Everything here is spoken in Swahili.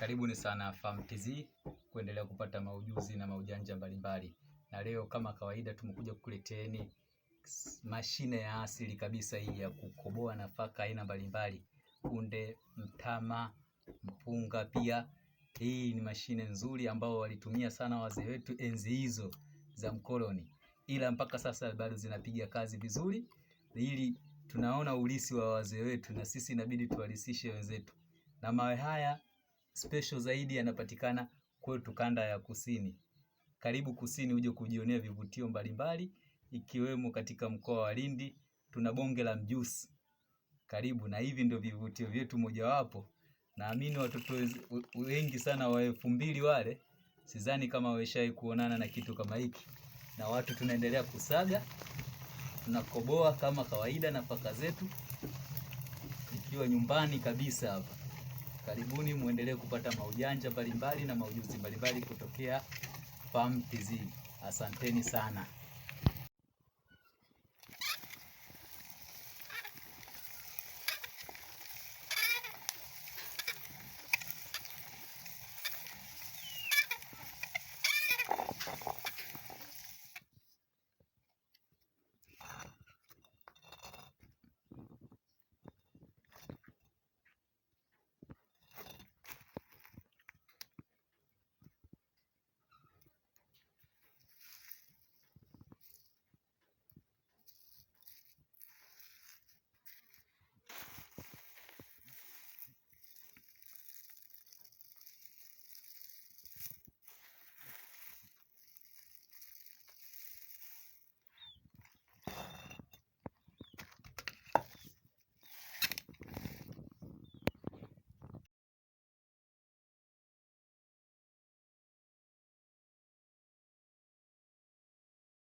Karibuni sana Farm TZ kuendelea kupata maujuzi na maujanja mbalimbali, na leo kama kawaida tumekuja kukuleteeni mashine ya asili kabisa hii ya kukoboa nafaka aina mbalimbali, kunde, mtama, mpunga pia. Hii ni mashine nzuri ambao walitumia sana wazee wetu enzi hizo za mkoloni, ila mpaka sasa bado zinapiga kazi vizuri, ili tunaona ulisi wa wazee wetu na sisi inabidi tuwalisishe wenzetu, na mawe haya special zaidi yanapatikana kwetu kanda ya kusini. Karibu kusini uje kujionea vivutio mbalimbali ikiwemo katika mkoa wa Lindi tuna bonge la mjusi. Karibu na hivi ndio vivutio vyetu mojawapo. Naamini watoto wengi sana wa elfu mbili wale sidhani kama wameshawahi kuonana na kitu kama hiki. Na watu tunaendelea kusaga, tunakoboa kama kawaida nafaka zetu ikiwa nyumbani kabisa hapa. Karibuni muendelee kupata maujanja mbalimbali na maujuzi mbalimbali kutokea PAM TZ. Asanteni sana.